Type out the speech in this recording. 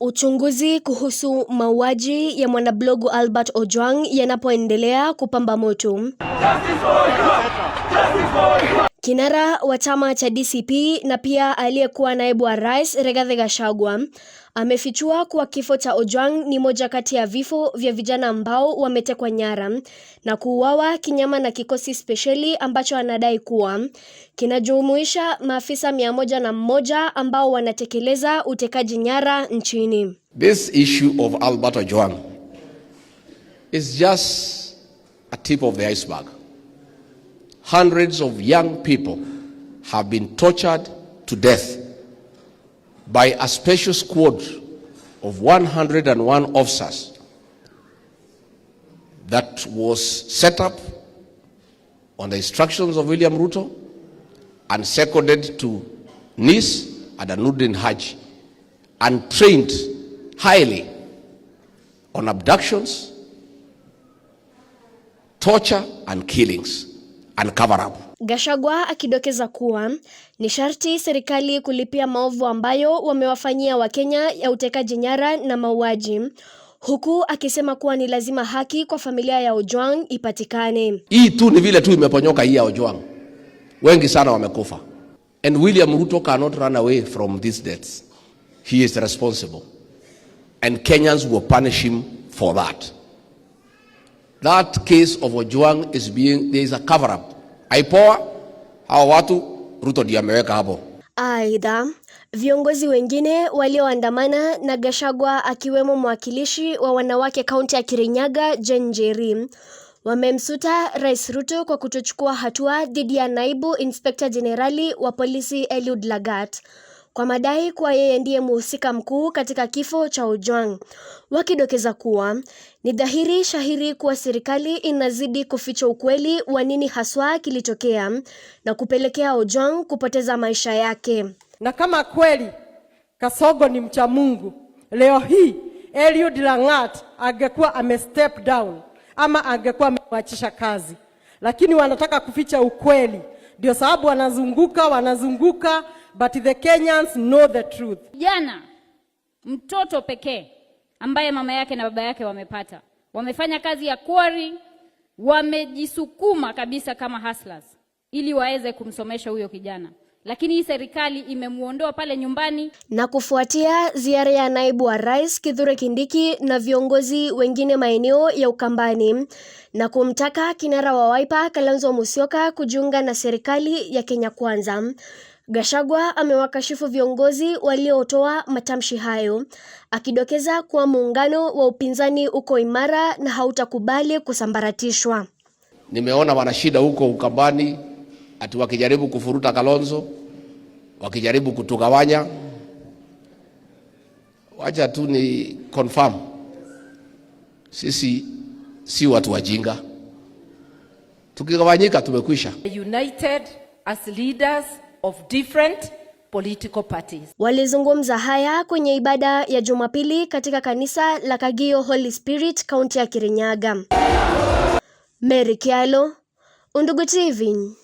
Uchunguzi kuhusu mauaji ya mwanablogu Albert Ojwang yanapoendelea kupamba moto. Kinara wa chama cha DCP na pia aliyekuwa naibu wa rais Rigathi Gachagua amefichua kuwa kifo cha Ojwang ni moja kati ya vifo vya vijana ambao wametekwa nyara na kuuawa kinyama na kikosi spesheli ambacho anadai kuwa kinajumuisha maafisa mia moja na mmoja ambao wanatekeleza utekaji nyara nchini. This issue of Albert Ojwang is just a tip of the iceberg. hundreds of young people have been tortured to death by a special squad of 101 officers that was set up on the instructions of William Ruto and seconded to Nice and Anuddin Hajj and trained highly on abductions, torture, and killings. and cover up. Gashagwa akidokeza kuwa ni sharti serikali kulipia maovu ambayo wamewafanyia Wakenya ya utekaji nyara na mauaji, huku akisema kuwa ni lazima haki kwa familia ya Ojwang ipatikane. Hii tu ni vile tu imeponyoka hii ya Ojwang, wengi sana wamekufa, and William Ruto cannot run away from these deaths. He is responsible and Kenyans will punish him for that. That case of Ojuang is being, there is a cover up. Aipoa hawa watu Ruto ndio ameweka hapo. Aidha, viongozi wengine walioandamana na gashagwa akiwemo mwakilishi wa wanawake kaunti ya Kirinyaga Jane Njeri wamemsuta Rais Ruto kwa kutochukua hatua dhidi ya naibu inspekta jenerali wa polisi Eliud Lagat kwa madai kuwa yeye ndiye mhusika mkuu katika kifo cha Ojwang, wakidokeza kuwa ni dhahiri shahiri kuwa serikali inazidi kuficha ukweli wa nini haswa kilitokea na kupelekea Ojwang kupoteza maisha yake. Na kama kweli Kasogo ni mcha Mungu, leo hii Eliud Langat angekuwa ame step down ama angekuwa amemwachisha kazi, lakini wanataka kuficha ukweli, ndio sababu wanazunguka wanazunguka But the Kenyans know the truth. Jana mtoto pekee ambaye mama yake na baba yake wamepata, wamefanya kazi ya kwari, wamejisukuma kabisa kama hustlers ili waweze kumsomesha huyo kijana lakini hii serikali imemwondoa pale nyumbani. Na kufuatia ziara ya naibu wa rais Kithure Kindiki na viongozi wengine maeneo ya Ukambani na kumtaka kinara wa Wiper Kalonzo Musyoka kujiunga na serikali ya Kenya Kwanza, Gachagua amewakashifu viongozi waliotoa matamshi hayo, akidokeza kuwa muungano wa upinzani uko imara na hautakubali kusambaratishwa. Nimeona wana shida huko Ukambani, ati wakijaribu kufuruta Kalonzo, wakijaribu kutugawanya. Wacha tu ni confirm sisi si watu wajinga, tukigawanyika tumekwisha. United as leaders of different political parties. Walizungumza haya kwenye ibada ya Jumapili katika kanisa la Kagio Holy Spirit kaunti ya Kirinyaga. Mary Kyalo, Undugu TV.